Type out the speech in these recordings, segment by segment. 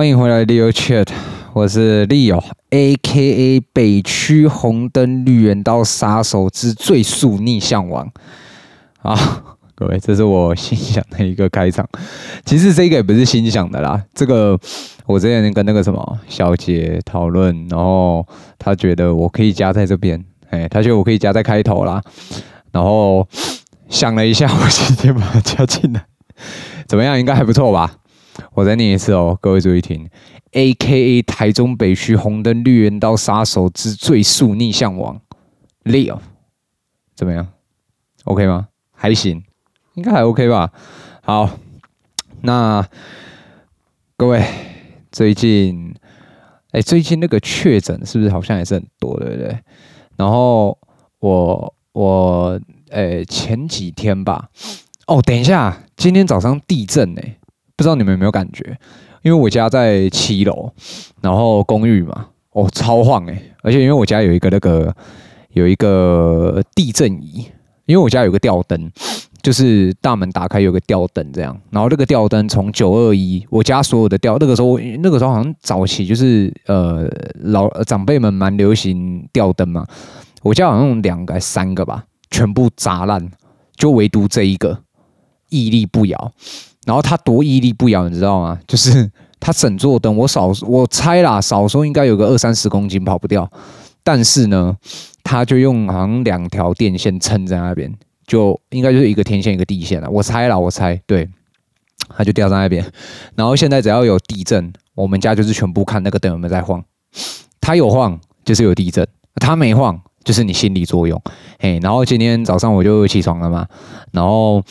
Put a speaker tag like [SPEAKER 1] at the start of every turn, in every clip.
[SPEAKER 1] 歡迎回來，Leo Chat，我是 Leo，A.K.A 北區紅燈綠人刀殺手之最速逆向王。啊，各位，這是我心想的一個開場。其實這個也不是心想的啦，這個我之前跟那個什麼小姐討論，然後她覺得我可以加在這邊，哎，她覺得我可以加在開頭啦。然後想了一下，我今天把它加進來，怎麼樣？應該還不錯吧？我再念一次哦，各位注意聽。A.K.A. 台中北區紅燈綠燈刀殺手之最速逆向王 Leo，怎麼樣？OK 嗎？還行，應該還 OK 吧。好，那各位最近，哎、欸，最近那個確診是不是好像也是很多，對不對？然後我我哎、欸，前幾天吧，哦，等一下，今天早上地震哎、欸。不知道你們有沒有感覺？因為我家在七樓，然後公寓嘛，哦，超晃哎、欸！而且因為我家有一個那個有一個地震儀，因為我家有個吊燈，就是大門打開有個吊燈這樣。然後那個吊燈從九二一，我家所有的吊，那個時候那個時候好像早期就是呃老長輩們蠻流行吊燈嘛，我家好像兩個還是三個吧，全部砸爛，就唯獨這一個屹立不搖。然後它多屹立不搖，你知道嗎？就是它整座燈，我少我猜啦，少說應該有個二三十公斤跑不掉。但是呢，它就用好像兩條電線撐在那邊，就應該就是一個天線一個地線了。我猜啦，我猜，對，它就吊在那邊。然後現在只要有地震，我們家就是全部看那個燈有沒有在晃。它有晃就是有地震，它沒晃就是你心理作用。哎，然後今天早上我就起床了嘛，然後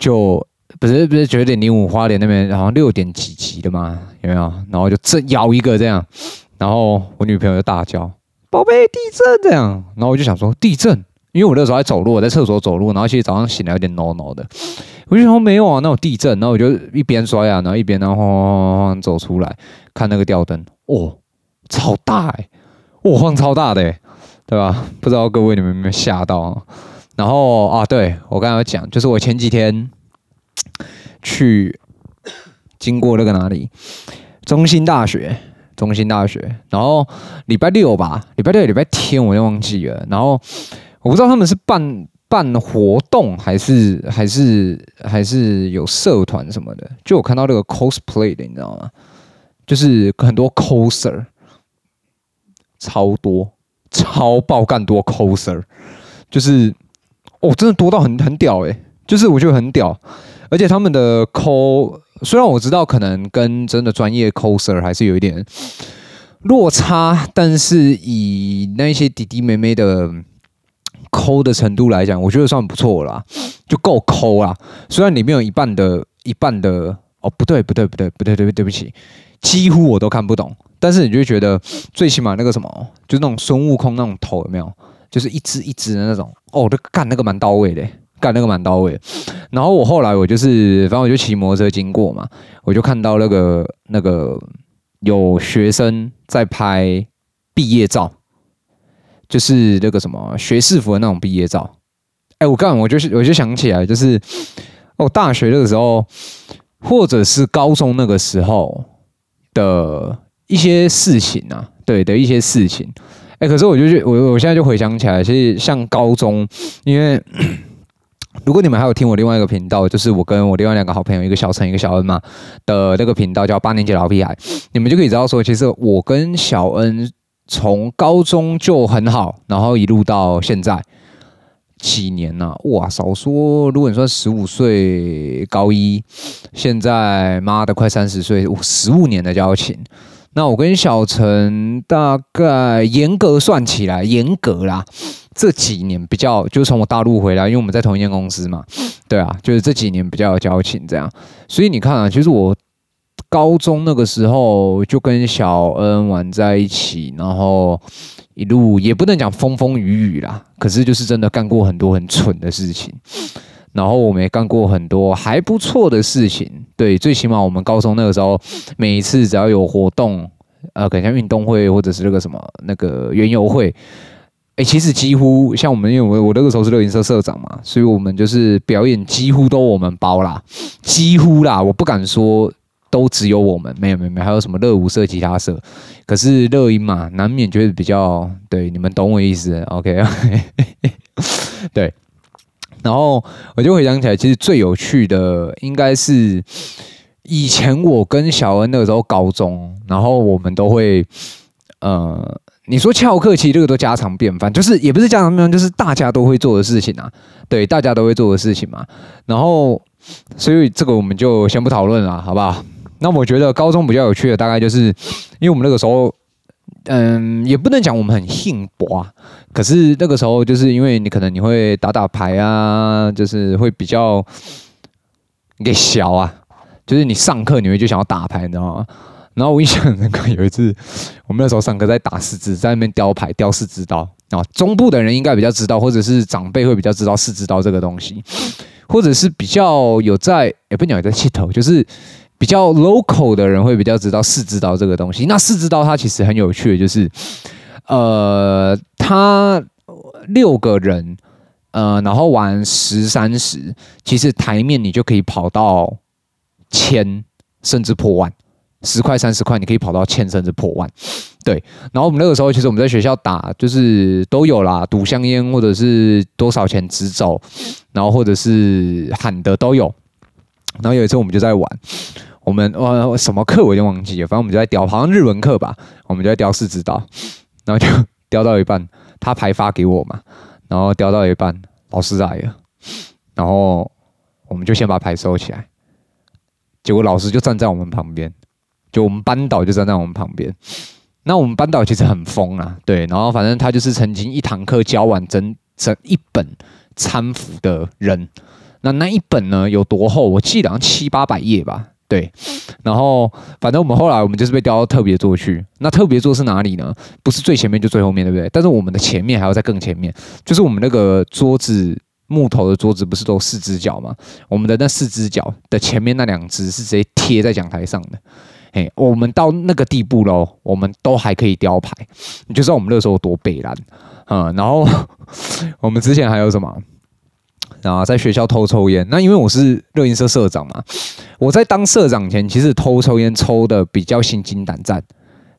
[SPEAKER 1] 就。不是不是九點零五，花蓮那邊好像六點幾級的嘛，有沒有？然後就這搖一個這樣，然後我女朋友就大叫：“寶貝，地震！”這樣，然後我就想說地震，因為我那時候還走路，我在廁所走路，然後其實早上醒來有點撓、no、撓、no、的，我就想說沒有啊，那有地震。然後我就一邊刷牙，然後一邊然後晃晃晃走出來看那個吊燈，哦，超大哎、欸，我、哦、晃超大的、欸，對吧？不知道各位你們有沒有嚇到？然後啊，對我剛才講，就是我前幾天。去經過那個哪裡？中興大學，中興大學。然後禮拜六吧，禮拜六、禮拜天，我又忘記了。然後我不知道他們是辦辦活動還是還是還是有社團什麼的。就我看到那個 cosplay 的，你知道嗎？就是很多 coser，超多，超爆幹多 coser，就是哦，真的多到很很屌誒、欸，就是我覺得很屌。而且他們的摳，雖然我知道可能跟真的專業摳手 r 還是有一點落差，但是以那些弟弟妹妹的摳的程度來講，我覺得算不錯了啦，就夠摳啦。雖然裡面有一半的，一半的，哦，不對，不對，不對，不對，對，對不起，幾乎我都看不懂。但是你就會覺得最起碼那個什麼，就是那種孫悟空那種頭，有沒有？就是一只一只的那種，哦，都幹那個蠻到位的。幹那個蠻到位，然後我後來我就是，反正我就騎摩托車經過嘛，我就看到那個那個有學生在拍畢業照，就是那個什麼學士服的那種畢業照。哎，我幹我就是我就想起來，就是哦，大學那個時候，或者是高中那個時候的一些事情啊，對的一些事情。哎，可是我就去我我現在就回想起來，其實像高中，因為。 如果你們還有聽我另外一個頻道，就是我跟我另外兩個好朋友，一個小陳、一個小恩嘛的那個頻道叫，叫八年級老屁孩，你們就可以知道說，其實我跟小恩從高中就很好，然後一路到現在幾年吶、啊，哇，少說，如果你說十五歲高一，現在媽的快三十歲，十五年的交情。那我跟小陳大概嚴格算起來，嚴格啦。這幾年比較，就從我大陸回來，因為我們在同一間公司嘛，對啊，就是這幾年比較有交情這樣。所以你看啊，其實我高中那個時候就跟小恩玩在一起，然後一路也不能講風風雨雨啦，可是就是真的幹過很多很蠢的事情，然後我們也幹過很多還不錯的事情。對，最起碼我們高中那個時候，每一次只要有活動，呃，可能像運動會或者是那個什麼那個園遊會。哎、欸，其實幾乎像我們，因為我我那個時候是熱音社社長嘛，所以我們就是表演幾乎都我們包啦，幾乎啦，我不敢說都只有我們，沒有沒有沒有，還有什麼樂舞社、吉他社，可是熱音嘛，難免覺得比較對，你們懂我意思，OK，, okay 對，然後我就回想起來，其實最有趣的應該是以前我跟小恩那個時候高中，然後我們都會嗯。呃你說翹課其實這個都家常便飯，就是也不是家常便飯，就是大家都會做的事情啊，對，大家都會做的事情嘛。然後，所以這個我們就先不討論了啊，好不好？那我覺得高中比較有趣的大概就是，因為我們那個時候，嗯，也不能講我們很幸福啊，可是那個時候就是因為你可能你會打打牌啊，就是會比較給小啊，就是你上課你會就想要打牌，你知道嗎？然後我印象很深刻，有一次我們那時候三個在打四支，在那邊雕牌，雕四支刀啊。中部的人應該比較知道，或者是長輩會比較知道四支刀這個東西，或者是比較有在也不鳥也在街頭，就是比較 local 的人會比較知道四支刀這個東西。那四支刀它其實很有趣的，就是呃，他六個人呃，然後玩十三支，其實台面你就可以跑到千，甚至破萬。十塊、三十塊，你可以跑到千甚至破萬，對。然後我們那個時候，其實我們在學校打，就是都有啦，賭香煙或者是多少錢直走，然後或者是喊的都有。然後有一次我們就在玩，我們哦什麼課我已經忘記了，反正我們就在叼，好像日文課吧，我們就在叼四指導，然後就叼到一半，他牌發給我嘛，然後叼到一半，老師來了，然後我們就先把牌收起來，結果老師就站在我們旁邊。就我們班導就站在我們旁邊，那我們班導其實很瘋啊，對，然後反正他就是曾經一堂課教完整整一本《參服》的人，那那一本呢有多厚？我記得好像七八百頁吧，對，然後反正我們後來我們就是被調到特別桌去，那特別桌是哪裡呢？不是最前面就最後面對不對？但是我們的前面還要再更前面，就是我們那個桌子木頭的桌子不是都四隻腳嗎？我們的那四隻腳的前面那兩隻是直接貼在講台上的。哎，hey, 我們到那個地步嘍，我們都還可以雕牌，你就知道我們那時候多北爛，嗯，然後我們之前還有什麼？然後在學校偷抽菸。那因為我是熱音社社長嘛，我在當社長前，其實偷抽菸抽的比較心驚膽戰。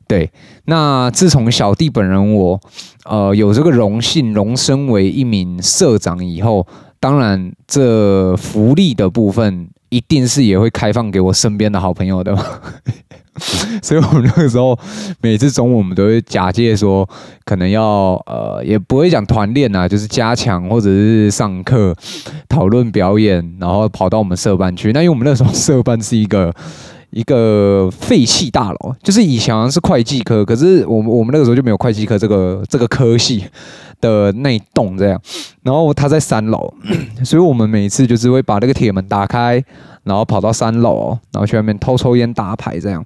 [SPEAKER 1] 對，那自從小弟本人我呃有這個榮幸榮升為一名社長以後，當然這福利的部分。一定是也會開放給我身邊的好朋友的，所以我們那個時候每次中午我們都會假借說可能要呃也不會講團練啊，就是加強或者是上課討論表演，然後跑到我們社辦去。那因為我們那時候社辦是一個。一個廢棄大樓，就是以前好像是會計科，可是我們我們那個時候就沒有會計科這個這個科系的那一棟這樣，然後它在三樓，所以我們每次就是會把那個鐵門打開，然後跑到三樓，然後去外面偷抽菸、打牌這樣。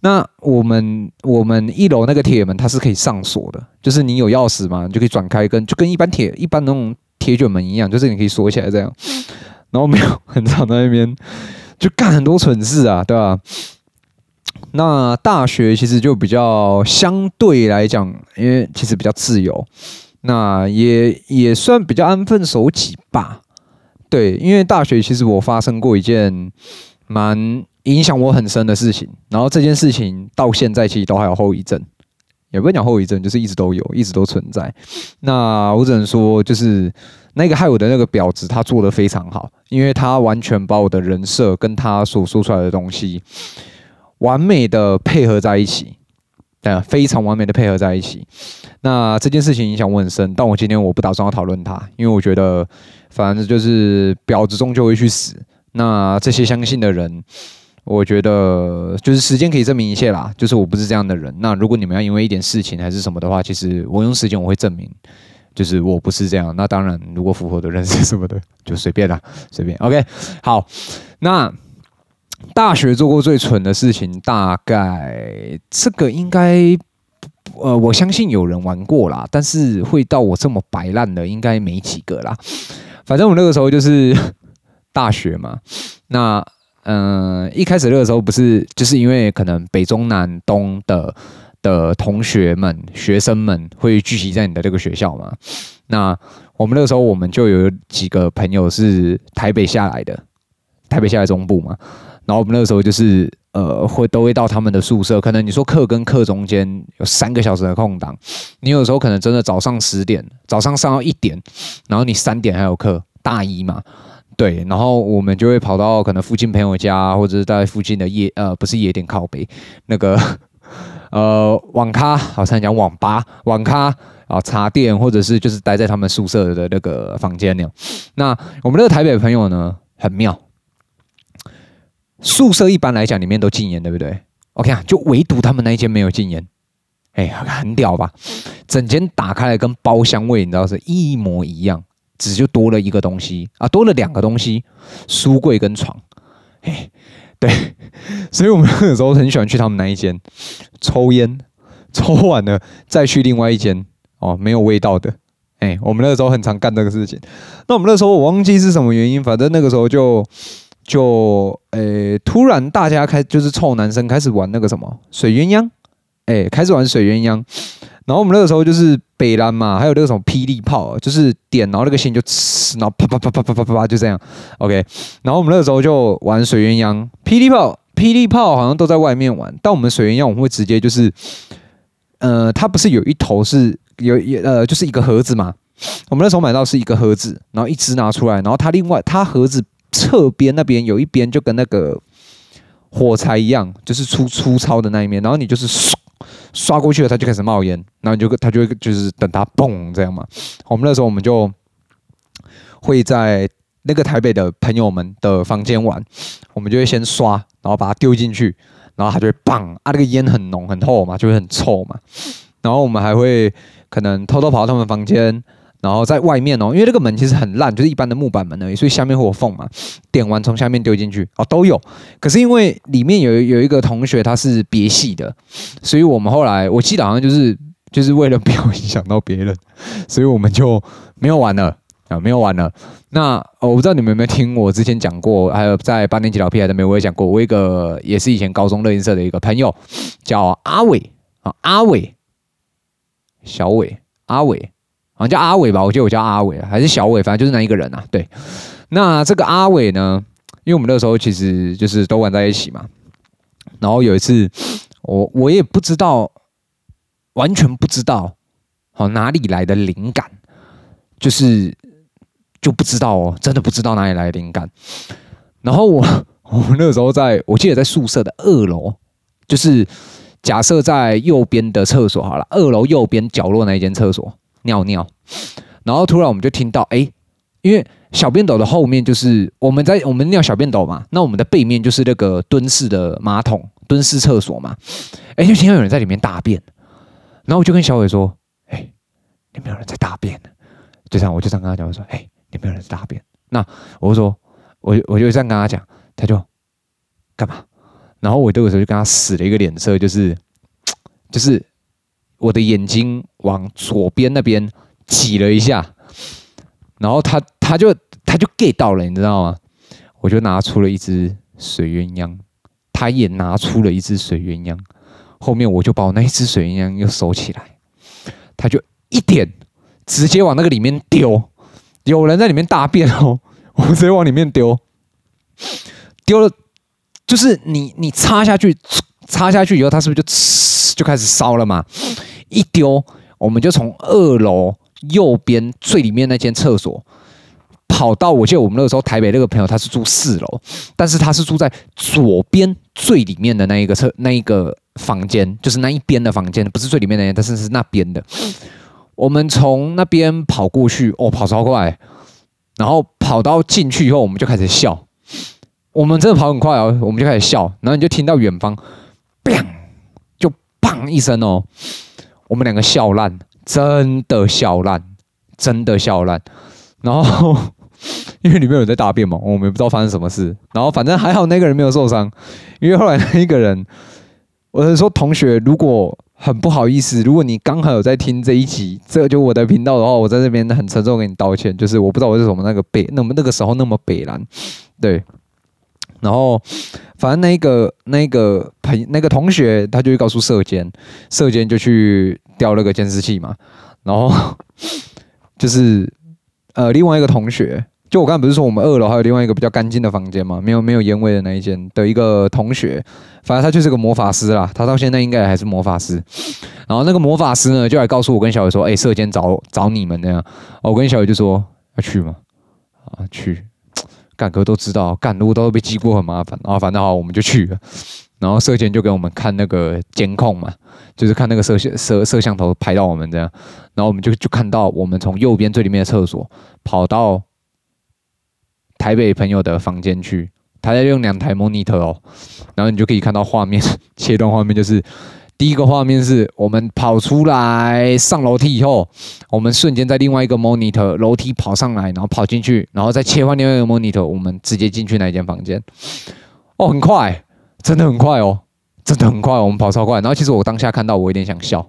[SPEAKER 1] 那我們我們一樓那個鐵門它是可以上鎖的，就是你有鑰匙嘛，你就可以轉開跟，跟就跟一般鐵一般那種鐵捲門一樣，就是你可以鎖起來這樣，然後沒有很常在那邊。就幹很多蠢事啊，對吧？那大學其實就比較相對來講，因為其實比較自由，那也也算比較安分守己吧。對，因為大學其實我發生過一件蠻影響我很深的事情，然後這件事情到現在其實都還有後遺症，也不講後遺症，就是一直都有，一直都存在。那我只能說，就是那個害我的那個婊子，她做得非常好。因為他完全把我的人設跟他所說出來的東西完美的配合在一起，對啊，非常完美的配合在一起。那這件事情影響我很深，但我今天我不打算要討論他，因為我覺得反正就是婊子終究會去死。那這些相信的人，我覺得就是時間可以證明一切啦，就是我不是這樣的人。那如果你們要因為一點事情還是什麼的話，其實我用時間我會證明。就是我不是這樣，那當然，如果符合的人是什麼的，就隨便啦，啊，隨便。OK，好，那大學做過最蠢的事情，大概這個應該，呃，我相信有人玩過啦，但是會到我這麼擺爛的，應該沒幾個啦。反正我那個時候就是大學嘛，那嗯、呃，一開始那個時候不是就是因為可能北中南東的，的同學們、學生們會聚集在你的這個學校嗎？那我們那個時候，我們就有幾個朋友是台北下來的，台北下來中部嘛。然後我們那個時候就是呃，會都會到他們的宿舍。可能你說課跟課中間有三個小時的空檔，你有時候可能真的早上十點，早上上到一點，然後你三點還有課，大一嘛，對。然後我們就會跑到可能附近朋友家，或者是在附近的夜呃，不是夜店靠北那個。呃，網咖，好像講網吧、網咖啊，茶店，或者是就是待在他們宿舍的那個房間那樣。那我們這個台北朋友呢，很妙，宿舍一般來講裡面都禁菸，對不對？OK 啊，就唯獨他們那一間沒有禁菸，哎、欸，很屌吧？整間打開來跟包廂味，你知道是一模一樣，只就多了一個東西啊，多了兩個東西，書櫃跟床，欸對，所以我們那時候很喜歡去他們那一間抽煙，抽完了再去另外一間哦，沒有味道的。哎，我們那個時候很常幹這個事情。那我們那時候我忘記是什麼原因，反正那個時候就就誒、哎，突然大家開就是臭男生開始玩那個什麼水鴛鴦，哎，開始玩水鴛鴦。然後我們那個時候就是北藍嘛，還有那個什麼霹靂炮，就是點，然後那個線就呲，然後啪啪啪啪啪啪啪啪，就這樣。OK。然後我們那個時候就玩水鴛鴦、霹靂炮，霹靂炮好像都在外面玩，但我們水鴛鴦我們會直接就是，呃，它，不是有一頭是有呃就是一個盒子嘛？我們那時候買到是一個盒子，然後一隻拿出來，然後它，另外它盒子側邊那邊有一邊就跟那個火柴一樣，就是粗粗糙的那一面，然後你就是。刷過去了，它就開始冒煙，然後就它就會就是等它蹦這樣嘛。我們那時候我們就會在那個台北的朋友們的房間玩，我們就會先刷，然後把它丟進去，然後它就會嘣啊，那個煙很濃很厚嘛，就會很臭嘛。然後我們還會可能偷偷跑到他們房間。然後在外面哦，因為這個門其實很爛，就是一般的木板門而已，所以下面會有縫嘛。點完從下面丟進去哦，都有。可是因為裡面有有一個同學他是別系的，所以我們後來我記得好像就是就是為了不要影響到別人，所以我們就沒有玩了啊，沒有玩了。那、哦、我不知道你們有沒有聽我之前講過，還有在八年級老屁孩沒有我也講過，我一個也是以前高中熱音社的一個朋友叫阿偉啊，阿偉，小偉，阿偉。好像、啊、叫阿偉吧，我記得我叫阿偉，還是小偉，反正就是那一個人啊。對，那這個阿偉呢，因為我們那時候其實就是都玩在一起嘛。然後有一次，我我也不知道，完全不知道，好、啊、哪裡來的靈感，就是就不知道哦、喔，真的不知道哪裡來的靈感。然後我我們那時候在，我記得在宿舍的二樓，就是假設在右邊的廁所好了，二樓右邊角落那一間廁所。尿尿，然後突然我們就聽到，哎、欸，因為小便斗的後面就是我們在我們尿小便斗嘛，那我們的背面就是那個蹲式的馬桶，蹲式廁所嘛，哎、欸，就聽到有人在裡面大便，然後我就跟小偉說，哎、欸，你沒有人在大便，就這樣，我就這樣跟他講我說，哎、欸，你沒有人在大便，那我就說，我我就這樣跟他講，他就幹嘛，然後我這個時候就跟他使了一個臉色，就是就是。我的眼睛往左邊那邊擠了一下，然後他他就他就 get 到了，你知道嗎？我就拿出了一隻水鴛鴦，他也拿出了一隻水鴛鴦。後面我就把我那一隻水鴛鴦又收起來，他就一點直接往那個裡面丟。有人在裡面大便哦，我直接往裡面丟，丟了就是你你插下去，插下去以後，它是不是就就開始燒了嘛？一丟，我們就從二樓右邊最裡面那間廁所跑到，我記得我們那個時候台北那個朋友他是住四樓，但是他是住在左邊最裡面的那一個廁那一個房間，就是那一邊的房間，不是最裡面的，但是是那邊的。我們從那邊跑過去，哦，跑超快，然後跑到進去以後，我們就開始笑。我們真的跑很快哦，我們就開始笑，然後你就聽到遠方，砰，就砰一聲哦。我們兩個笑爛，真的笑爛，真的笑爛。然後因為裡面有在大便嘛，我們也不知道發生什麼事。然後反正還好那個人沒有受傷，因為後來那個人，我是說同學，如果很不好意思，如果你剛好有在聽這一集，這個、就我的頻道的話，我在這邊很沉重跟你道歉，就是我不知道我為什麼那個北那麼那個時候那麼北藍，對。然後，反正那個那個朋那個同學，他就告訴舍監，舍監就去調了個監視器嘛。然後就是呃，另外一個同學，就我剛才不是說我們二樓還有另外一個比較乾淨的房間嘛，沒有沒有煙味的那一間的一個同學，反正他就是個魔法師啦，他到現在應該還是魔法師。然後那個魔法師呢，就來告訴我跟小偉說，哎、欸，舍監找找你們那樣，我跟小偉就說，要去嘛，啊，去。幹，哥都知道，趕路都會被記過很麻煩。然、啊、後反話我們就去了。然後舍監就給我們看那個監控嘛，就是看那個攝攝攝像頭拍到我們這樣。然後我們就就看到我們從右邊最裡面的廁所跑到台北朋友的房間去。他在用兩台 monitor、哦、然後你就可以看到畫面，切斷畫面就是。第一個畫面是我們跑出來上樓梯以後，我們瞬間在另外一個 monitor 樓梯跑上來，然後跑進去，然後再切換另外一個 monitor，我們直接進去那一間房間。哦，很快，真的很快哦，真的很快，我們跑超快。然後其實我當下看到，我有點想笑，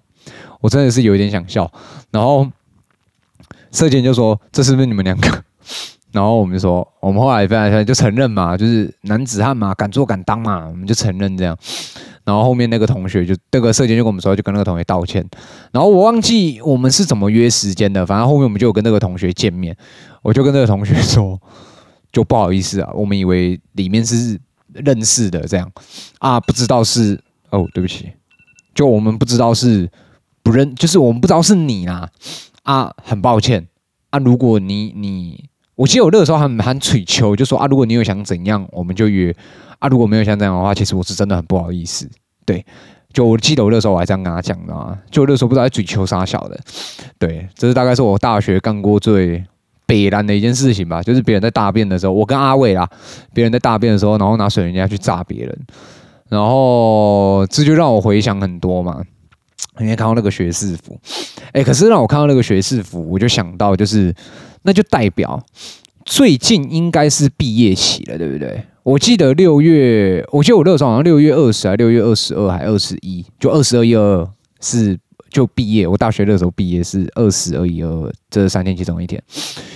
[SPEAKER 1] 我真的是有一點想笑。然後舍監就說：“這是不是你們兩個？” 然後我們就說：“我們後來後來就承認嘛，就是男子漢嘛，敢做敢當嘛，我們就承認這樣。”然後後面那個同學就這、那個社監就跟我們說，就跟那個同學道歉。然後我忘記我們是怎麼約時間的，反正後面我們就有跟那個同學見面，我就跟那個同學說，就不好意思啊，我們以為裡面是認識的這樣啊，不知道是哦，對不起，就我們不知道是不認，就是我們不知道是你啦啊，啊，很抱歉啊，如果你你，我其實有那個時候很很取秋，就說啊，如果你有想怎樣，我們就約。啊，如果沒有像這樣的話，其實我是真的很不好意思。對，就我記得我那時候我還這樣跟他講的嘛，就那時候不知道在追求啥小的。對，這是大概是我大學幹過最北爛的一件事情吧，就是別人在大便的時候，我跟阿偉啊，別人在大便的時候，然後拿水人家去炸別人，然後這就讓我回想很多嘛。因為看到那個學士服，哎、欸，可是讓我看到那個學士服，我就想到就是，那就代表最近應該是畢業期了，對不對？我記得六月，我記得我那時候好像六月二十還六月二十二還二十一，就二十二一二是就畢業。我大學的時候畢業是二十二一二這三天其中一天。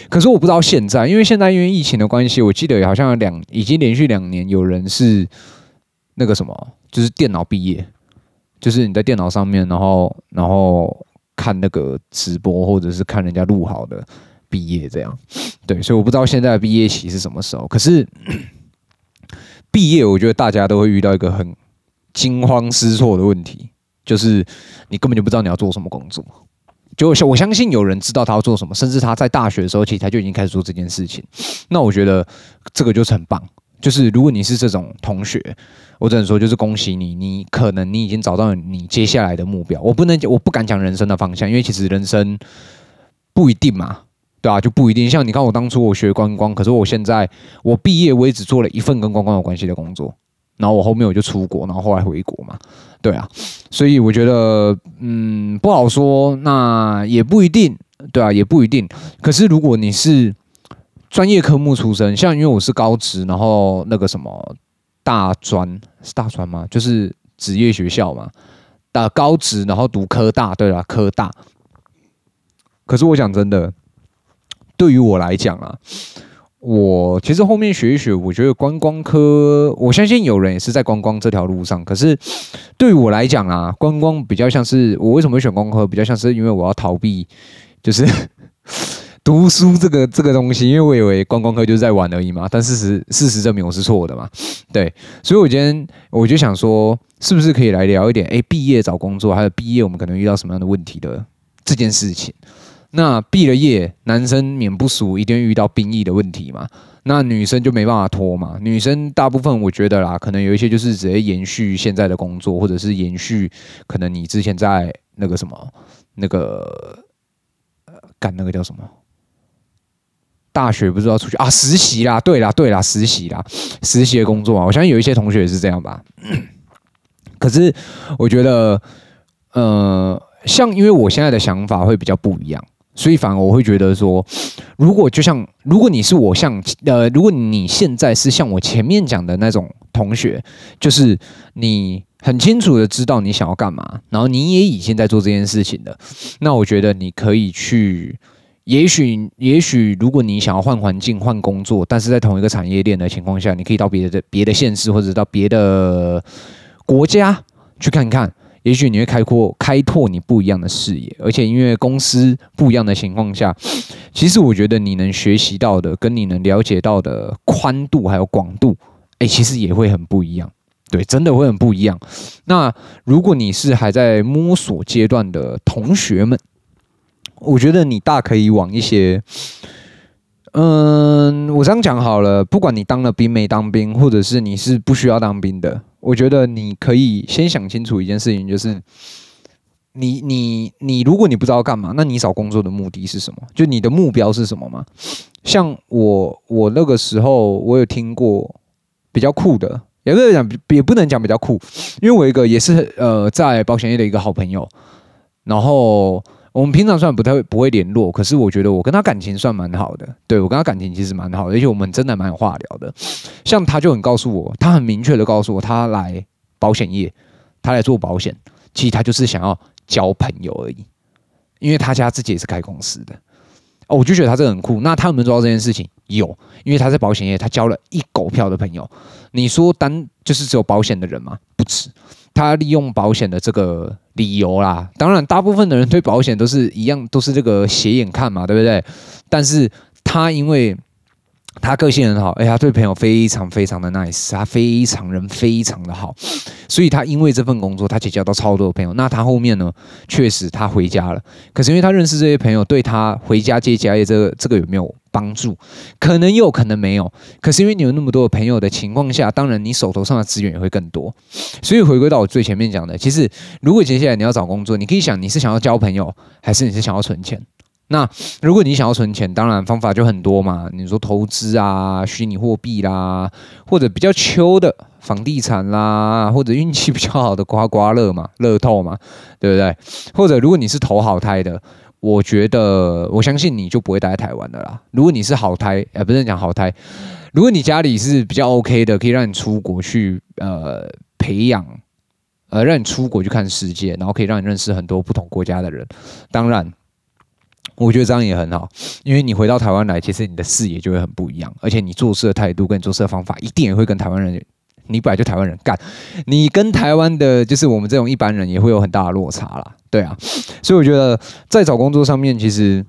[SPEAKER 1] 可是我不知道現在，因為現在因為疫情的關係，我記得好像兩已經連續兩年有人是那個什麼，就是電腦畢業，就是你在電腦上面，然後然後看那個直播或者是看人家錄好的畢業這樣。對，所以我不知道現在畢業期是什麼時候。可是。 畢業，我覺得大家都會遇到一個很驚慌失措的問題，就是你根本就不知道你要做什麼工作。就我相信有人知道他要做什麼，甚至他在大學的時候，其實他就已經開始做這件事情。那我覺得這個就是很棒。就是如果你是這種同學，我只能說就是恭喜你，你可能你已經找到你接下來的目標。我不能我不敢講人生的方向，因為其實人生不一定嘛。對啊，就不一定。像你看，我當初我學觀光，可是我現在我畢業，我也只做了一份跟觀光有關係的工作，然後我後面我就出國，然後後來回國嘛。對啊，所以我覺得嗯不好說，那也不一定。對啊，也不一定。可是如果你是專業科目出身，像因為我是高職，然後那個什麼大專，是大專嗎？就是職業學校嘛。的高職然後讀科大，對啊，科大。可是我想真的。對於我來講啊，我其實後面學一學，我覺得觀光科，我相信有人也是在觀光這條路上。可是對於我來講啊，觀光比較像是我為什麼會選觀光科，比較像是因為我要逃避，就是 讀書這個這個東西。因為我以為觀光科就是在玩而已嘛，但事實事實證明我是錯的嘛。對，所以我今天我就想說，是不是可以來聊一點？誒，畢業找工作，還有畢業我們可能遇到什麼樣的問題的這件事情。那畢了業，男生免不俗，一定遇到兵役的問題嘛。那女生就沒辦法拖嘛。女生大部分，我覺得啦，可能有一些就是直接延續現在的工作，或者是延續可能你之前在那個什麼那個呃幹那個叫什麼大學，不是要出去啊實習啦？對啦，對啦，實習啦，實習的工作啊。我相信有一些同學也是這樣吧。可是我覺得，呃，像因為我現在的想法會比較不一樣。所以，反而我會覺得說，如果就像，如果你是我像，呃，如果你現在是像我前面講的那種同學，就是你很清楚的知道你想要幹嘛，然後你也已經在做這件事情了，那我覺得你可以去，也許，也許如果你想要換環境、換工作，但是在同一個產業鏈的情況下，你可以到別的別的縣市，或者到別的國家去看看。也許你會開闊開拓你不一樣的視野，而且因為公司不一樣的情況下，其實我覺得你能學習到的，跟你能了解到的寬度還有廣度，哎，其實也會很不一樣。對，真的會很不一樣。那如果你是還在摸索階段的同學們，我覺得你大可以往一些，嗯，我這樣講好了，不管你當了兵沒當兵，或者是你是不需要當兵的。我覺得你可以先想清楚一件事情，就是你你你，你如果你不知道幹嘛，那你找工作的目的是什麼？就你的目標是什麼嗎？像我，我那個時候我有聽過比較酷的，也不講，也不能講比較酷，因為我一個也是呃在保險業的一個好朋友，然後。我們平常算不太會不會聯絡，可是我覺得我跟他感情算蠻好的。對我跟他感情其實蠻好的，而且我們真的蠻有話聊的。像他就很告訴我，他很明確的告訴我，他來保險業，他來做保險，其實他就是想要交朋友而已。因為他家自己也是開公司的哦，我就覺得他這個很酷。那他有沒有做到這件事情？有，因為他在保險業，他交了一狗票的朋友。你說單就是只有保險的人嗎？不止。他利用保險的這個理由啦，當然大部分的人對保險都是一樣，都是這個斜眼看嘛，對不對？但是他因為他個性很好，而且、哎、他對朋友非常非常的 nice，他非常人非常的好，所以他因為這份工作，他結交到超多的朋友。那他後面呢？確實他回家了，可是因為他認識這些朋友，對，他回家接家業，這個這個有沒有？幫助可能有，可能沒有。可是因為你有那麼多的朋友的情況下，當然你手頭上的資源也會更多。所以回歸到我最前面講的，其實如果接下來你要找工作，你可以想你是想要交朋友，還是你是想要存錢？那如果你想要存錢，當然方法就很多嘛。你說投資啊，虛擬貨幣啦，或者比較秋的房地產啦，或者運氣比較好的刮刮樂嘛、樂透嘛，對不對？或者如果你是投好胎的。我覺得，我相信你就不會待在台灣的啦。如果你是好胎，哎、呃，不是講好胎，如果你家裡是比較 OK 的，可以讓你出國去，呃，培養，呃，讓你出國去看世界，然後可以讓你認識很多不同國家的人。當然，我覺得這樣也很好，因為你回到台灣來，其實你的視野就會很不一樣，而且你做事的態度跟做事的方法，一定也會跟台灣人。你本來就台灣人幹，你跟台灣的就是我們這種一般人也會有很大的落差啦，對啊，所以我覺得在找工作上面，其實，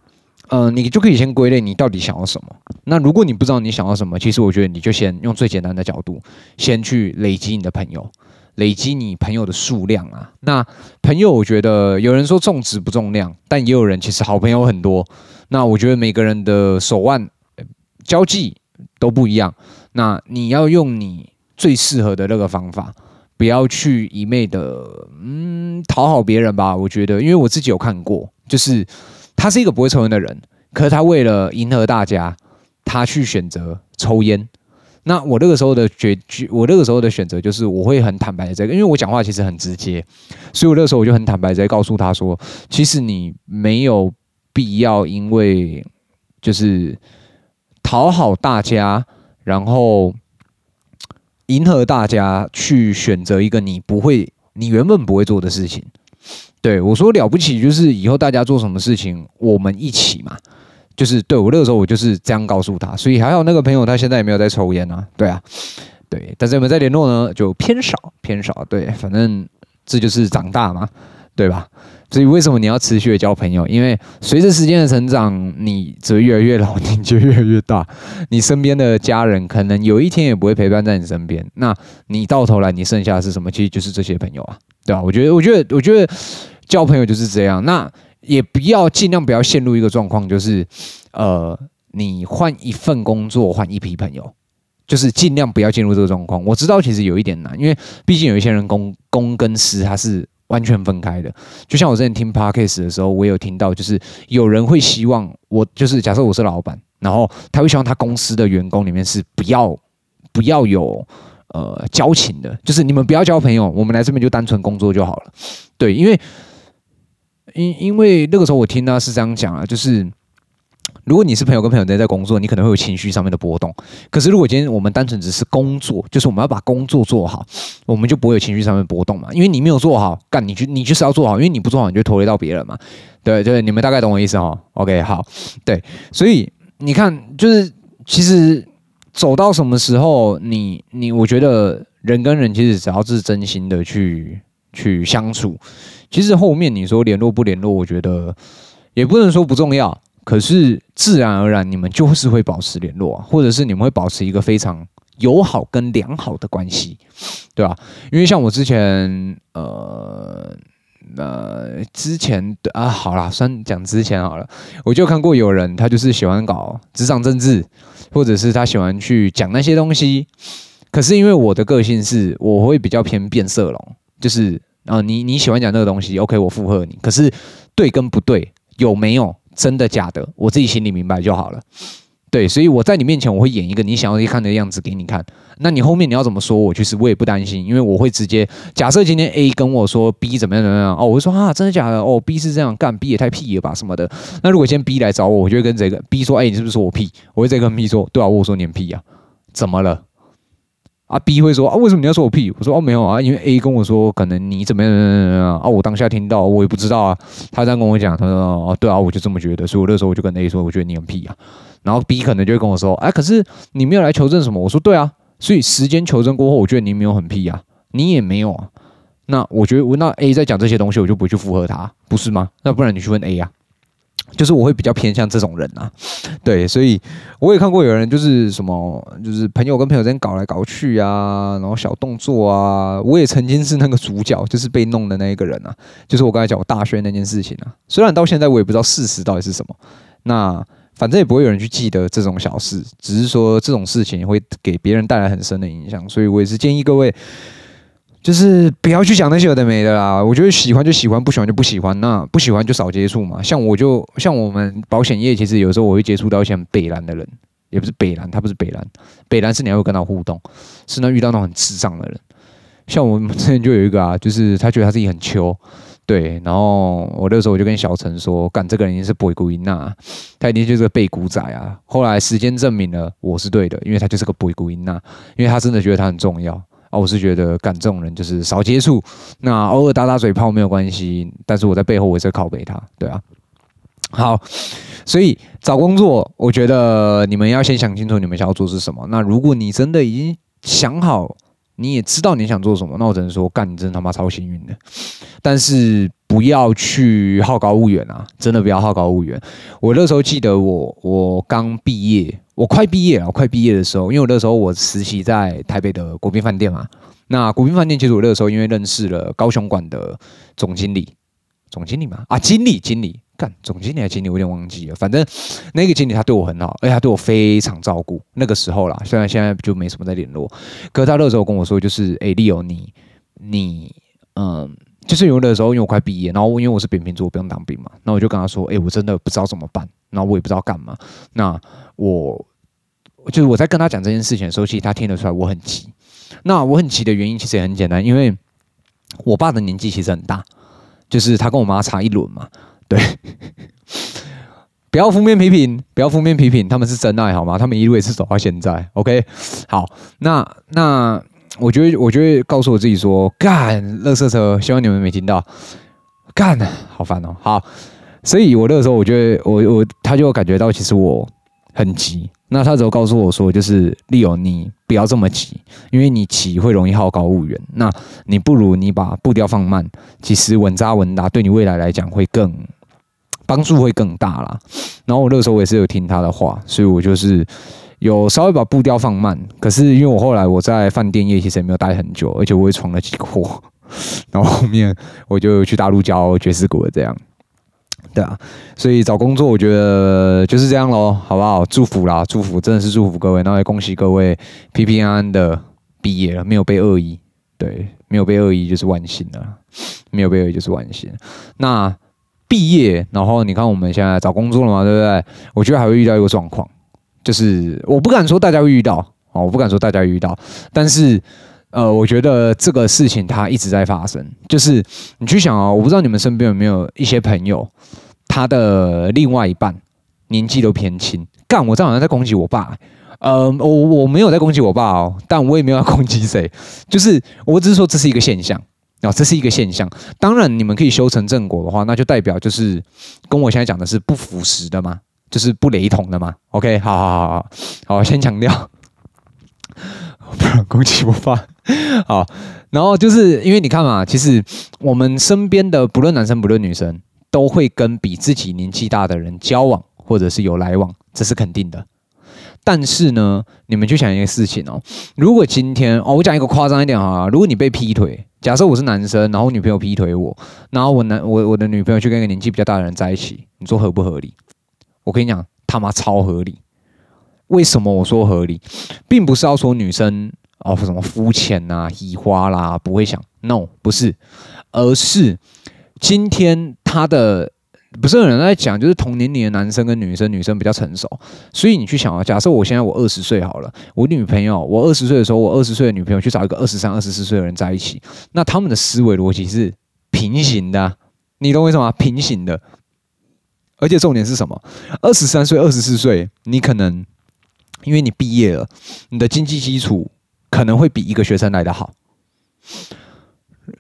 [SPEAKER 1] 嗯、呃，你就可以先歸類你到底想要什麼。那如果你不知道你想要什麼，其實我覺得你就先用最簡單的角度，先去累積你的朋友，累積你朋友的數量啊。那朋友，我覺得有人說重質不重量，但也有人其實好朋友很多。那我覺得每個人的手腕、呃、交際都不一樣。那你要用你。最適合的那個方法，不要去一昧的嗯討好別人吧。我覺得，因為我自己有看過，就是他是一個不會抽煙的人，可是他為了迎合大家，他去選擇抽煙。那我那個時候的決決，我那個時候的選擇就是，我會很坦白的這個，因為我講話其實很直接，所以我那個時候我就很坦白在告訴他說，其實你沒有必要因為就是討好大家，然後。迎合大家去選擇一個你不會、你原本不會做的事情，對，我說了不起，就是以後大家做什麼事情，我們一起嘛。就是對，我那個時候我就是這樣告訴他，所以還好那個朋友他現在也沒有在抽煙啊，對啊，對，但是有沒有在聯絡呢？就偏少偏少，對，反正這就是長大嘛，對吧？所以為什麼你要持續的交朋友？因為隨着時間的成長，你就越來越老，年紀越來越大，你身邊的家人可能有一天也不會陪伴在你身邊。那你到頭來，你剩下的是什麼？其實就是這些朋友啊，對吧？嗯、我覺得，我覺得，我覺得交朋友就是這樣。那也不要儘量不要陷入一個狀況，就是呃，你換一份工作，換一批朋友，就是儘量不要進入這個狀況。我知道其實有一點難，因為畢竟有一些人公公跟私他是。完全分開的，就像我之前聽 Podcast 的時候，我有聽到，就是有人會希望我，就是假設我是老板，然後他會希望他公司的員工裡面是不要不要有呃交情的，就是你們不要交朋友，我們來這邊就單純工作就好了。對，因為因因為那個時候我聽他啊是這樣講啊，就是。如果你是朋友跟朋友在在工作，你可能會有情緒上面的波動。可是如果今天我們單純只是工作，就是我們要把工作做好，我們就不會有情緒上面波動嘛。因為你沒有做好，幹你就你就是要做好，因為你不做好你就拖累到別人嘛。對對，你們大概懂我意思哈、哦。OK，好，對，所以你看，就是其實走到什麼時候，你你我覺得人跟人其實只要是真心的去去相處，其實後面你說聯絡不聯絡，我覺得也不能說不重要。可是自然而然，你們就是會保持聯絡啊，或者是你們會保持一個非常友好跟良好的關係，對吧、啊？因為像我之前，呃，那、呃、之前對啊，好啦，算講之前好了，我就看過有人他就是喜歡搞職場政治，或者是他喜歡去講那些東西。可是因為我的個性是，我會比較偏變色龍，就是啊、呃，你你喜歡講那個東西，OK，我附和你。可是對跟不對，有沒有？真的假的，我自己心裡明白就好了。對，所以我在你面前，我會演一個你想要去看的樣子給你看。那你後面你要怎麼說，我其實我也不擔心，因為我會直接假設今天 A 跟我說 B 怎麼樣怎麼樣哦，我會說啊，真的假的哦，B 是這樣幹，B 也太屁了吧什麼的。那如果今天 B 來找我，我就會跟這個 B 說，哎、欸，你是不是說我屁？我會再跟 B 說，對啊，我,我說你很屁呀、啊，怎麼了？啊 B 會說啊，為什麼你要說我屁？我說哦、啊、沒有啊，因為 A 跟我說可能你怎麼樣怎麼樣啊，我當下聽到我也不知道啊，他這樣跟我講，他說哦、啊、對啊，我就這麼覺得，所以我那時候我就跟 A 說，我覺得你很屁啊。然後 B 可能就會跟我說，哎、啊、可是你沒有來求證什麼？我說對啊，所以時間求證過後，我覺得你沒有很屁啊，你也沒有啊。那我覺得那 A 在講這些東西，我就不會去附和他，不是嗎？那不然你去問 A 呀、啊。就是我會比較偏向這種人啊，對，所以我也看過有人就是什麼，就是朋友跟朋友之間搞來搞去啊，然後小動作啊，我也曾經是那個主角，就是被弄的那一個人啊，就是我剛才講我大宣那件事情啊，雖然到現在我也不知道事實到底是什麼，那反正也不會有人去記得這種小事，只是說這種事情會給別人帶來很深的影響，所以我也是建議各位。就是不要去講那些有的沒的啦。我覺得喜歡就喜歡，不喜歡就不喜歡。那不喜歡就少接觸嘛。像我就像我們保險業，其實有時候我會接觸到一些很北藍的人，也不是北藍，他不是北藍，北藍是你要跟他互動，是那遇到那種很智障的人。像我們之前就有一個啊，就是他覺得他自己很秋對，然後我那個時候我就跟小陳說，幹這個人一定是北古因納，他一定就是個背古仔啊。後來時間證明了我是對的，因為他就是個北古因納，因為他真的覺得他很重要。啊，我是覺得幹這種人就是少接觸，那偶爾打打嘴炮沒有關係，但是我在背後我也是靠北他，對啊。好，所以找工作，我覺得你們要先想清楚你們想要做是什麼。那如果你真的已經想好，你也知道你想做什麼，那我只能說幹你真他媽超幸運的。但是不要去好高騖遠啊，真的不要好高騖遠。我那時候記得我我剛畢業。我快畢業了，我快畢業的時候，因為我那時候我實習在台北的國賓飯店嘛。那國賓飯店其實我那時候因為認識了高雄館的總經理，總經理嘛啊，經理經理干，總經理還經理，我有點忘記了。反正那個經理他對我很好，而且他對我非常照顧。那個時候啦，雖然現在就沒什麼在聯絡，可是他那時候我跟我說，就是哎、欸、，Leo 你你嗯，就是因為那時候因為我快畢業，然後因為我是扁平足，我不用當兵嘛，那我就跟他說，哎、欸，我真的不知道怎麼辦，然後我也不知道幹嘛，那我。就是我在跟他講這件事情的時候，其實他聽得出來我很急。那我很急的原因其實也很簡單，因為我爸的年紀其實很大，就是他跟我媽差一輪嘛。對， 不要負面批評，不要負面批評，他們是真愛好嗎？他們一路也是走到現在。OK，好，那那我就會，我就會告訴我自己說幹，樂色車，希望你們沒聽到。幹，好煩哦、喔。好，所以我那個時候我就，我我他就感覺到其實我。很急，那他只有告訴我說，就是 Leo 你不要這麼急，因為你急會容易好高騖遠。那你不如你把步調放慢，其實穩紮穩打，對你未來來講會更幫助會更大啦。然後我那時候我也是有聽他的話，所以我就是有稍微把步調放慢。可是因為我後來我在飯店業其實也沒有待很久，而且我也闖了幾個禍，然後後面我就去大陸教爵士鼓這樣。對啊，所以找工作我覺得就是這樣嘍，好不好？祝福啦，祝福真的是祝福各位，那也恭喜各位平平安安的畢業了，沒有被惡意，對，沒有被惡意就是萬幸了，沒有被惡意就是萬幸了。那畢業，然後你看我們現在找工作了嘛，對不對？我覺得還會遇到一個狀況，就是我不敢說大家會遇到哦，我不敢說大家會遇到，但是。呃，我覺得這個事情它一直在發生，就是你去想啊、哦，我不知道你們身邊有沒有一些朋友，他的另外一半年紀都偏輕。幹，我這好像在攻擊我爸。呃，我我沒有在攻擊我爸哦，但我也沒有要攻擊誰，就是我只是說這是一個現象啊、哦，這是一個現象。當然，你們可以修成正果的話，那就代表就是跟我現在講的是不符實的嘛，就是不雷同的嘛。OK，好好好好好，我先強調。 不然工期不發好，然後就是因為你看嘛，其實我們身邊的不論男生不論女生，都會跟比自己年紀大的人交往或者是有來往，這是肯定的。但是呢，你們就想一個事情哦，如果今天哦，我講一個誇張一點哈，如果你被劈腿，假設我是男生，然後我女朋友劈腿我，然後我男我我的女朋友就跟一個年紀比較大的人在一起，你說合不合理？我跟你講，他媽超合理。為什麼我說合理，並不是要說女生哦什麼膚淺吶、移花啦不會想，no 不是，而是今天他的不是有人在講，就是同年齡的男生跟女生，女生比較成熟。所以你去想啊，假設我現在我二十歲好了，我女朋友我二十歲的時候，我二十歲的女朋友去找一個二十三、二十四歲的人在一起，那他們的思維邏輯是平行的、啊，你懂我意思嗎？平行的。而且重點是什麼？二十三歲、二十四歲，你可能。因為你畢業了，你的經濟基礎可能會比一個學生來得好，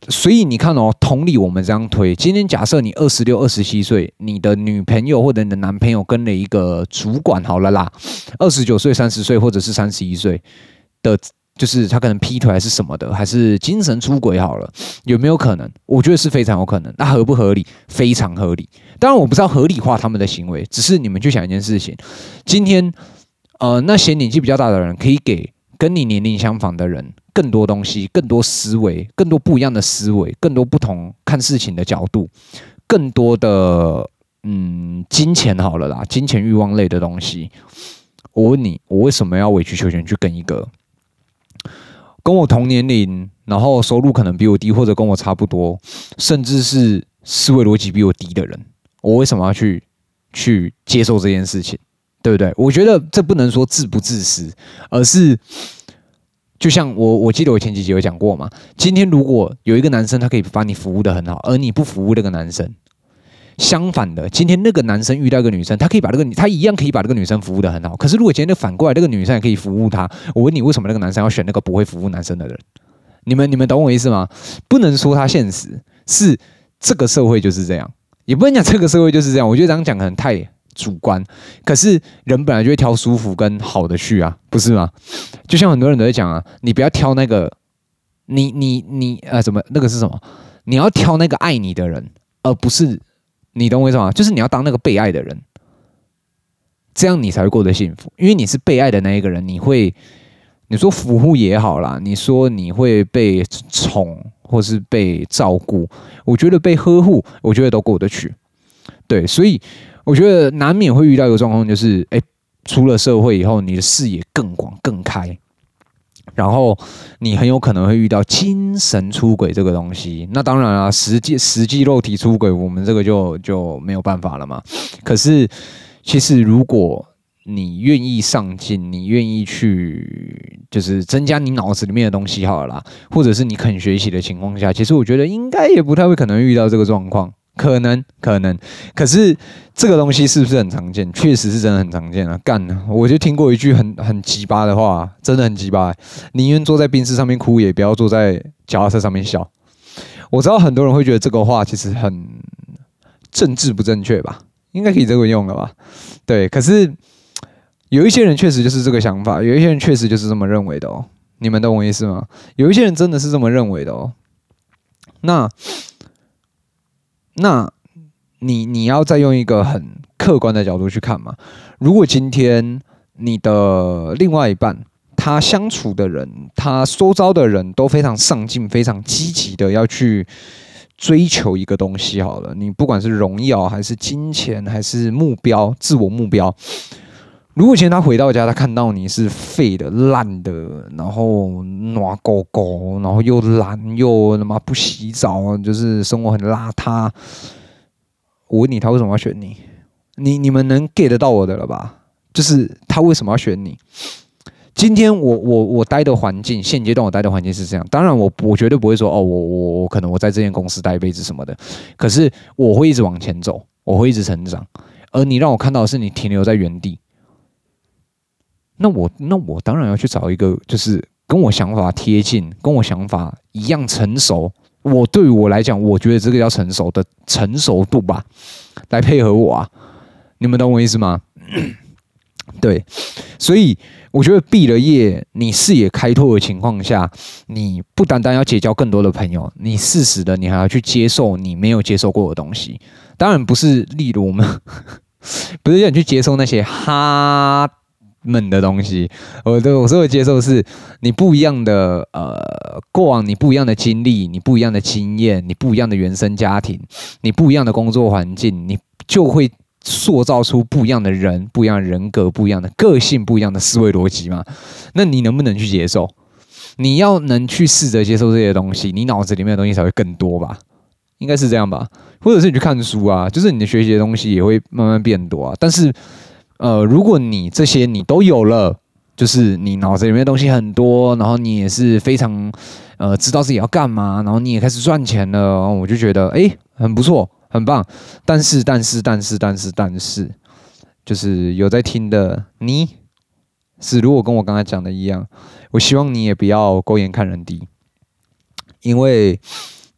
[SPEAKER 1] 所以你看哦，同理我們這樣推。今天假設你二十六、二十七歲，你的女朋友或者你的男朋友跟了一個主管，好了啦，二十九歲、三十歲，或者是三十一歲的，就是他可能劈腿還是什麼的，還是精神出軌，好了，有沒有可能？我覺得是非常有可能。那合不合理？非常合理。當然我不知道合理化他們的行為，只是你們去想一件事情，今天。呃，那些年紀比較大的人，可以給跟你年齡相仿的人更多東西，更多思維，更多不一樣的思維，更多不同看事情的角度，更多的嗯，金錢好了啦，金錢慾望類的東西。我問你，我為什麼要委曲求全去跟一個跟我同年齡，然後收入可能比我低，或者跟我差不多，甚至是思維邏輯比我低的人，我為什麼要去去接受這件事情？對不對？我覺得這不能說自不自私，而是就像我我記得我前幾集有講過嘛。今天如果有一個男生他可以把你服務的很好，而你不服務那個男生，相反的，今天那個男生遇到一個女生，他可以把這個他一樣可以把這個女生服務的很好。可是如果今天反過來，那個女生也可以服務他，我問你為什麼那個男生要選那個不會服務男生的人？你們你們懂我意思嗎？不能說他現實，是這個社會就是這樣，也不能講這個社會就是這樣。我覺得這樣講可能太。主觀，可是人本來就會挑舒服跟好的去啊，不是嗎？就像很多人都在講啊，你不要挑那個，你你你，啊、呃，什麼那個是什麼？你要挑那個愛你的人，而、呃、不是你懂我意思嗎？就是你要當那個被愛的人，這樣你才會過得幸福，因為你是被愛的那一個人，你會你說服務也好啦，你說你會被寵或是被照顧，我覺得被呵護，我覺得都過得去，對，所以。我覺得難免會遇到一個狀況，就是誒，出了社會以後，你的視野更廣、更開，然後你很有可能會遇到精神出軌這個東西。那當然啦，實際實際肉體出軌，我們這個就就沒有辦法了嘛。可是，其實如果你願意上進，你願意去，就是增加你腦子裡面的東西好了啦，或者是你肯學習的情況下，其實我覺得應該也不太會可能遇到這個狀況。可能可能，可是這個東西是不是很常見？確實是真的很常見啊！幹，我就聽過一句很很奇葩的話，真的很奇葩，欸，寧願坐在冰室上面哭也，也不要坐在腳踏車上面笑。我知道很多人會覺得這個話其實很政治不正確吧？應該可以這個用了吧？對，可是有一些人確實就是這個想法，有一些人確實就是這麼認為的哦。你們懂我意思嗎？有一些人真的是這麼認為的哦。那。那你你要再用一個很客觀的角度去看嘛，如果今天你的另外一半，他相處的人，他收招的人都非常上進、非常積極的要去追求一個東西，好了，你不管是榮耀還是金錢還是目標、自我目標。如果以前他回到家，他看到你是廢的、爛的，然後暖狗狗，然後又懶又他媽不洗澡，就是生活很邋遢。我問你，他為什麼要選你？你你們能 get 到我的了吧？就是他為什麼要選你？今天我我我待的環境，現階段我待的環境是這樣。當然我，我我絕對不會說哦，我我我可能我在這間公司待一輩子什麼的。可是我會一直往前走，我會一直成長。而你讓我看到的是，你停留在原地。那我那我當然要去找一個，就是跟我想法貼近、跟我想法一樣成熟。我對於我來講，我覺得這個叫成熟的成熟度吧，來配合我啊。你們懂我意思嗎？ 對，所以我覺得畢了業，你視野開拓的情況下，你不單單要結交更多的朋友，你適時的你還要去接受你沒有接受過的東西。當然不是，例如我們 不是讓你去接受那些哈。悶的東西，我都我說的接受是，你不一樣的呃，過往你不一樣的經歷，你不一樣的經驗，你不一樣的原生家庭，你不一樣的工作環境，你就會塑造出不一樣的人，不一樣的人格，不一樣的個性，不一樣的思維邏輯嘛。那你能不能去接受？你要能去試着接受這些東西，你腦子裡面的東西才會更多吧，應該是這樣吧。或者是你去看書啊，就是你的學習的東西也會慢慢變多啊，但是。呃，如果你這些你都有了，就是你腦子裡面的東西很多，然後你也是非常，呃，知道自己要幹嘛，然後你也開始賺錢了，我就覺得哎，很不錯，很棒。但是，但是，但是，但是，但是，就是有在聽的你，是如果跟我剛才講的一樣，我希望你也不要狗眼看人低，因為，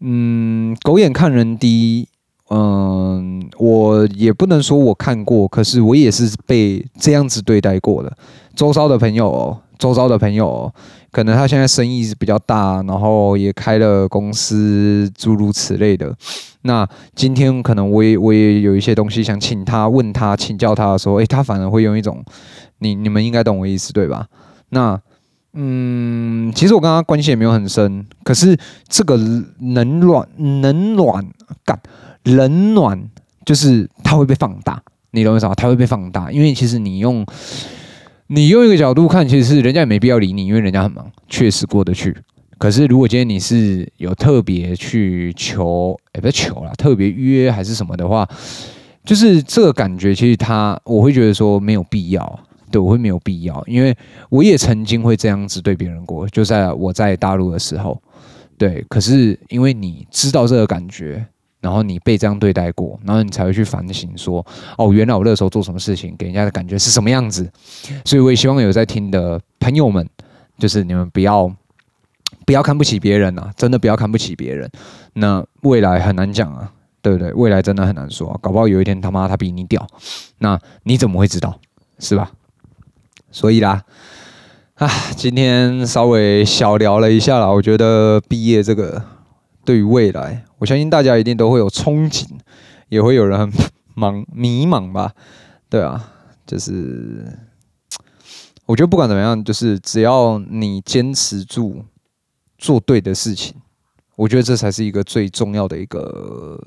[SPEAKER 1] 嗯，狗眼看人低。嗯，我也不能說我看過，可是我也是被這樣子對待過的。周遭的朋友，周遭的朋友，可能他現在生意是比較大，然後也開了公司，諸如此類的。那今天可能我也我也有一些東西想請他問他請教他的時候，誒、欸，他反而會用一種你你們應該懂我意思對吧？那嗯，其實我跟他關係也沒有很深，可是這個冷暖冷暖感，冷暖就是它會被放大，你懂我意思嗎？它會被放大，因為其實你用你用一個角度看，其實是人家也沒必要理你，因為人家很忙，確實過得去。可是如果今天你是有特別去求，哎、欸，不是求了，特別約還是什麼的話，就是這個感覺，其實他我會覺得說沒有必要，對，我會沒有必要，因為我也曾經會這樣子對別人過，就在我在大陸的時候，對。可是因為你知道這個感覺。然後你被這樣對待過，然後你才會去反省說，哦，原來我那時候做什麼事情，給人家的感覺是什麼樣子。所以我也希望有在聽的朋友們，就是你們不要不要看不起別人啊，真的不要看不起別人。那未來很難講啊，對不對？未來真的很難說啊，搞不好有一天他媽他比你屌，那你怎麼會知道，是吧？所以啦，啊，今天稍微小聊了一下啦，我覺得畢業這個對於未來。我相信大家一定都會有憧憬，也會有人很茫迷茫吧，對啊，就是我覺得不管怎麼樣，就是只要你堅持住做對的事情，我覺得這才是一個最重要的一個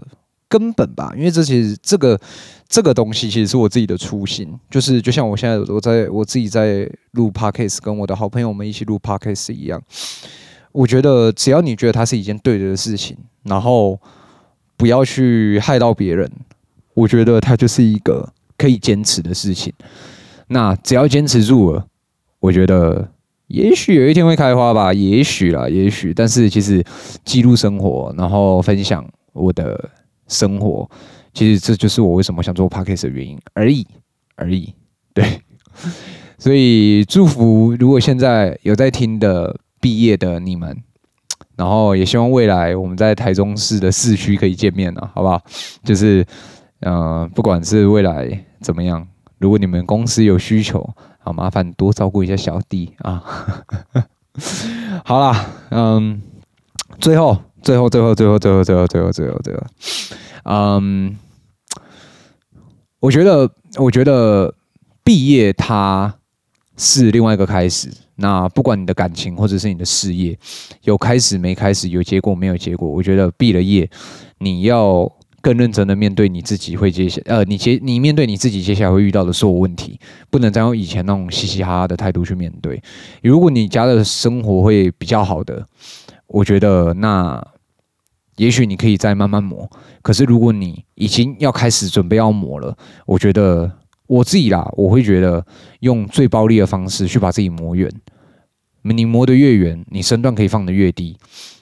[SPEAKER 1] 根本吧。因為這其實這個這個東西其實是我自己的初心，就是就像我現在我在我自己在錄 Podcast，跟我的好朋友們一起錄 Podcast 一樣。我覺得只要你覺得它是一件對的事情，然後不要去害到別人，我覺得它就是一個可以堅持的事情。那只要堅持住了，我覺得也許有一天會開花吧，也許啦，也許。但是其實記錄生活，然後分享我的生活，其實這就是我為什麼想做 Podcast 的原因而已，而已。對，所以祝福如果現在有在聽的。畢業的你們，然後也希望未來我們在台中市的市區可以見面了，好不好？就是，嗯、呃，不管是未來怎麼樣，如果你們公司有需求，好，麻煩多照顧一下小弟啊。 好啦，嗯，最後，最後，最後，最後，最後，最後，最後，最後，最後，嗯，我覺得，我覺得畢業他。是另外一個開始。那不管你的感情或者是你的事業，有開始沒開始，有結果沒有結果，我覺得畢了業，你要更認真的面對你自己會接下，呃，你接，你面對你自己接下來會遇到的所有問題，不能再用以前那種嘻嘻哈哈的態度去面對。如果你家的生活會比較好的，我覺得那也許你可以再慢慢磨。可是如果你已經要開始準備要磨了，我覺得。我自己啦，我會覺得用最暴力的方式去把自己磨圓，你磨得越圓，你身段可以放得越低，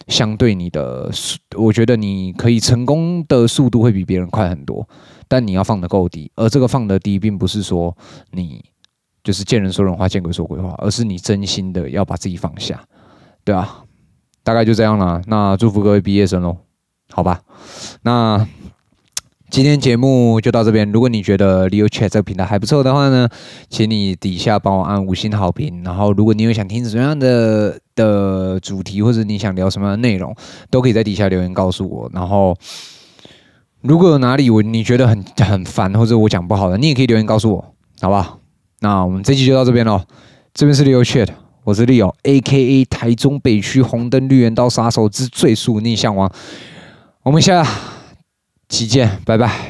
[SPEAKER 1] 相對你的，我覺得你可以成功的速度會比別人快很多。但你要放得夠低，而這個放得低，並不是說你就是見人說人話，見鬼說鬼話，而是你真心的要把自己放下，對啊，大概就這樣啦。那祝福各位畢業生嘍，好吧，那。今天節目就到這邊。如果你覺得 Leo Chat 這個平台還不錯的話呢，請你底下幫我按五星好評。然後，如果你有想聽什麼樣的的主題，或者你想聊什麼樣的內容，都可以在底下留言告訴我。然後，如果有哪裡我你覺得很很煩，或者我講不好的，你也可以留言告訴我，好不好？那我們這期就到這邊嘍。這邊是 Leo Chat，我這裡有 AKA 台中北區紅燈綠圓刀殺手之最速逆向王。我們下。再見，拜拜。